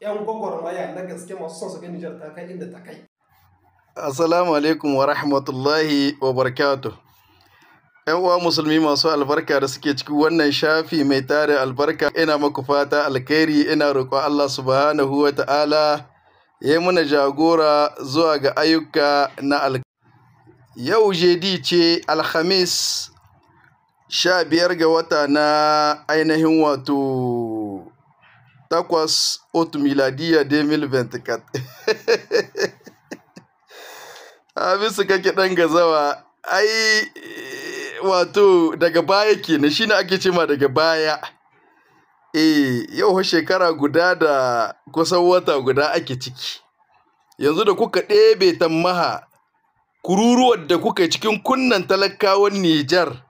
'yan gwagwarmaya na gaske masu son su ga ta kai inda ta kai. Assalamu alaikum wa rahmatullahi wa barakatuh. ‘Yan uwa musulmi masu albarka da suke ciki wannan shafi mai tare albarka ina maku fata alkhairi ina roƙo Allah subhanahu wa ta'ala ya mana jagora zuwa ga ayyuka na alkhairi. Yau jedi ce Alhamis sha biyar ga wata na ainihin wato takwas otu miladiya 2024 a bisa kake ɗan gazawa ai wato daga baya ke shi shine ake ce ma daga baya E, yau shekara guda da kusan wata guda ake ciki yanzu da kuka ɗebe tammaha kururuwar da kuka cikin kunnan talakawan Nijar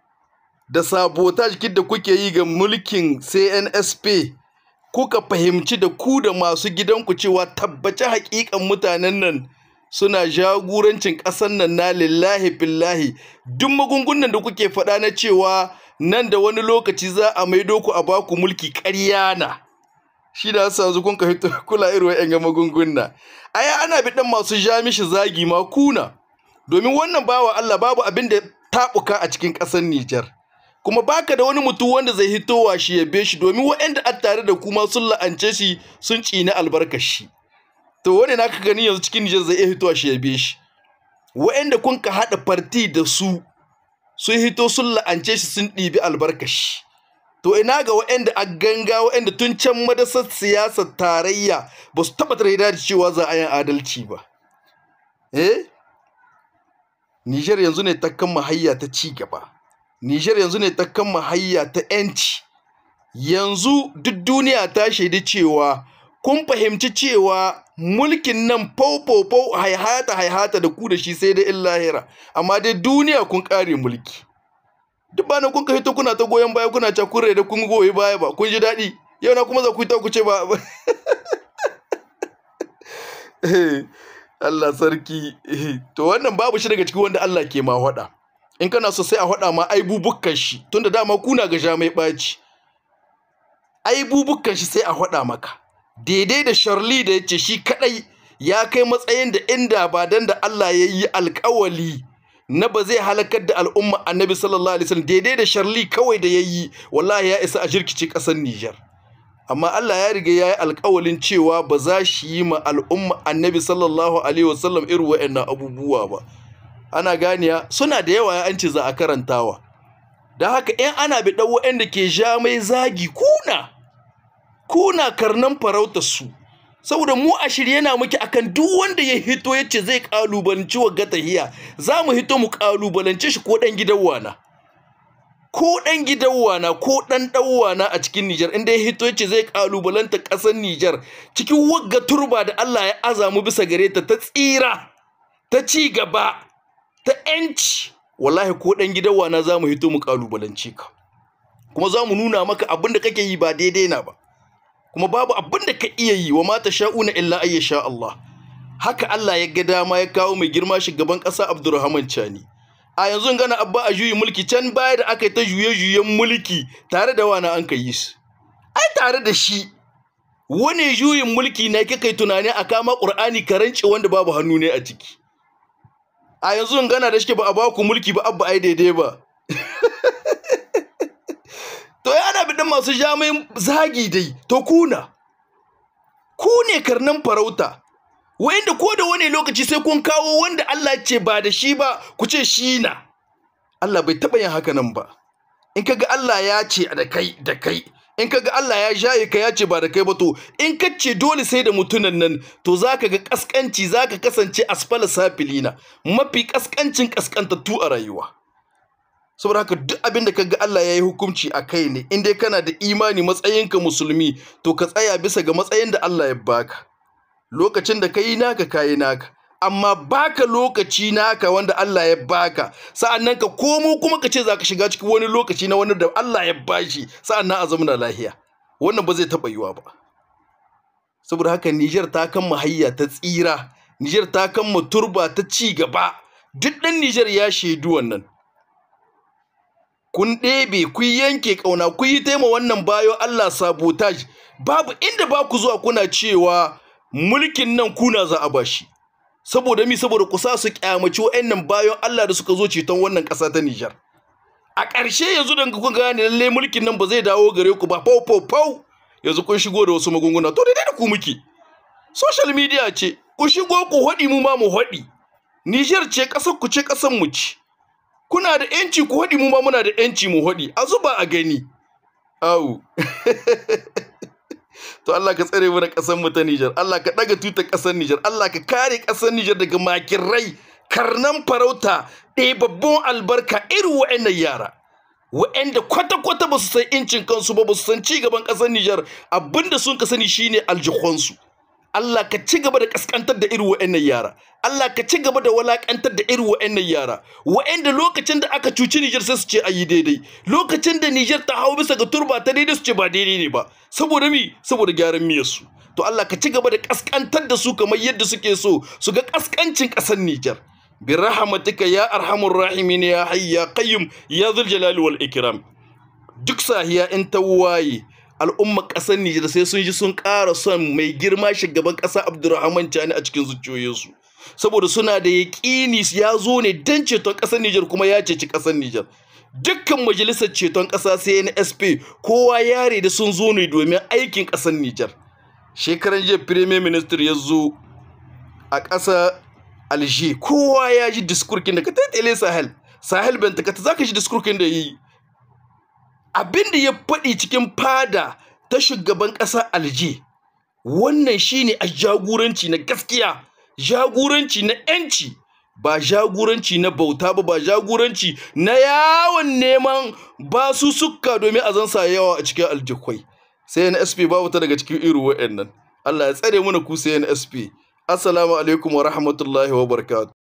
da sabota jikin da kuke yi ga mulkin CNSP kuka fahimci da ku da masu gidanku cewa tabbaci hakikan mutanen nan suna jagorancin ƙasar nan na lillahi billahi duk magungunan da kuke faɗa na cewa nan da wani lokaci za a maido ku a baku mulki ƙarya na shi da sa zukun ka fito kula irin wa'yan ga magungunna ai ana bi dan masu jamishi zagi ma kuna domin wannan bawa Allah babu abin da taɓuka a cikin ƙasar Nijar kuma baka da wani mutum wanda zai hitowa shi ya bai shi domin waɗanda a tare da kuma sun la'ance shi sun cini albarkar shi to wani na ka gani yanzu cikin Nijar zai iya hitowa shi bai shi waɗanda kun ka haɗa farti da su sun hito sun la'ance shi sun ɗibi albarkar shi to ina ga waɗanda a ganga waɗanda tun can madasar siyasar tarayya ba su taɓa tarayya da cewa za a yin adalci ba eh Nijar yanzu ne ta kan mahayya ta ci gaba Nijar yanzu ne ta kama hayya ta ‘yanci, yanzu duk duniya ta shaidi cewa kun fahimci cewa mulkin nan fau-fau-fau, haihata haihata da ku da shi sai dai in lahira, amma dai duniya kun ƙare mulki. Duk ba kun ka hito kuna ta goyon baya kuna ca kun da kun goyi baya ba, kun ji daɗi, yau na kuma za ku ta ku ce ba. Eh, Allah sarki, eh, to wannan babu shi daga cikin wanda Allah ke ma faɗa. in kana so sai a haɗa ma aibubukan shi tunda dama kuna ga ja mai ɓaci aibubukan shi sai a haɗa maka daidai da sharli da yace shi kaɗai ya kai matsayin da inda ba dan da Allah ya yi alkawali na ba zai halakar da al'umma annabi sallallahu alaihi wasallam daidai da sharli kawai da yayi wallahi ya isa a jirkice ƙasar Niger amma Allah ya riga ya yi alkawalin cewa ba za shi yi ma al'umma annabi sallallahu alaihi wasallam irin waɗannan abubuwa ba ana ganiya suna da yawa an ce za a karantawa da haka ‘yan ana bi ɗau waɗanda ke ja mai zagi kuna kuna karnan farauta su saboda mu a shirye na muke akan duk wanda ya hito ya ce zai ƙalubalanci wa gatahiya za mu hito mu ƙalubalance shi ko ɗan gidan wana ko ɗan gidan wana ko ɗan ɗan a cikin Nijar inda ya hito ya ce zai ƙalubalanta ƙasar Nijar cikin wagga turba da Allah ya azamu bisa gare ta ta tsira ta ci gaba ta ‘yanci wallahi ko ɗan gidan na za mu hito mu ƙalubalance ka kuma za mu nuna maka abin da kake yi ba daidai na ba kuma babu abin da ka iya yi wa mata sha'una illa ayya sha Allah haka Allah ya ga dama ya kawo mai girma shugaban ƙasa Abdurrahman Chani a yanzu gana abba a juyi mulki can baya da aka yi ta juye-juyen mulki tare da wani an ka su ai tare da shi wani juyin mulki na kika yi tunani a kama ƙur'ani karanci wanda babu hannu ne a ciki a yanzu in gana da shi ba a ba ku mulki ba abba ai daidai ba to ya ana bidan masu jami'in zagi dai to kuna ku ne karnan farauta wa'inda ko da wani lokaci sai kun kawo wanda Allah ce ba da shi ba ku ce shi na Allah bai taɓa yin haka nan ba in kaga Allah ya ce da kai da kai in ka ga Allah ya jaye ka ya ce ba da kai ba to in ka ce dole sai da mutunan nan to za ka ga kaskanci ka kasance asfala safilina mafi ƙasƙancin kaskantattu a rayuwa saboda haka duk abin da ka ga Allah ya yi hukunci a kai ne in dai kana da imani matsayinka musulmi to ka tsaya bisa ga matsayin da Allah ya baka lokacin da ka yi naka ka yi naka amma baka lokaci naka wanda Allah ya baka sa'annan ka komo kuma ka ce za ka shiga cikin wani lokaci na wani da Allah ya bashi sa'annan a zamana lahiya wannan ba zai taɓa yiwa ba saboda haka Nijar ta kama hayya ta tsira Nijar ta kan turba ta ci gaba duk ɗan Nijar ya shaidu wannan kun ɗebe ku yanke ƙauna kuyi yi taima wannan bayo Allah sabotage babu inda ba ku zuwa kuna cewa mulkin nan kuna za a bashi saboda mi saboda kusa su kyamaci wa'annan bayan Allah da suka zo ceton wannan ƙasa ta Nijar a ƙarshe yanzu da kun gane lalle mulkin nan ba zai dawo gare ku ba pau pau pau yanzu kun shigo da wasu magunguna to daidai da ku muke social media ce ku shigo ku haɗi mu ma mu haɗi Nijar ce ƙasar ku ce ƙasar mu ce kuna da ƴanci ku haɗi mu ma muna da ƴanci mu haɗi a zuba a gani au to Allah ka tsare mana ƙasar mu ta Nijar Allah ka daga tutar ƙasar Nijar Allah ka kare ƙasar Nijar daga makirrai, karnan farauta ɗaya babban albarka irin wa'annan yara wa'anda kwata-kwata ba su san incin kansu ba ba su san ci gaban ƙasar Nijar abinda sun ka sani shine aljihunsu Allah ka ci gaba da kaskantar da irin wa'annan yara Allah ka ci gaba da walakantar da irin wa'annan yara wa'anda lokacin da aka cuci Nijar sai su ce ayi daidai lokacin da Nijar ta hau bisa ga turba ta daidai su ce ba daidai ne ba saboda mi saboda gyaran miyar su to Allah ka ci gaba da kaskantar da su kamar yadda suke so su ga kaskancin kasar Nijar. bi rahmatika ya arhamur rahimin ya hayya qayyum ya dhul jalali wal ikram duk sahiya in tawaye al'ummar ƙasar Nijar sai sun ji sun ƙara son mai girma shugaban ƙasa Abdulrahman Jani a cikin zuciyoyinsu saboda suna da yaƙini ya zo ne don ceton ƙasar Nijar kuma ya ceci ƙasar Nijar dukkan majalisar ceton ƙasa SP kowa yare da sun zo ne domin aikin ƙasar Nijar shekaran jiya Premier Minister ya zo a ƙasa Alger kowa ya ji diskurkin da ka Sahel Sahel Benta ka ta zaka ji diskurkin da yi abin da ya faɗi cikin fada ta shugaban ƙasa alji wannan shine a jagoranci na gaskiya jagoranci na yanci ba jagoranci na bauta ba ba jagoranci na yawon neman suka domin a zansa yawa a cikin aljikwai sai na sp babu ta daga cikin iri wa'annan allah ya tsare mana ku sai na sp assalamu alaikum wa rahmatullahi wa barakatuh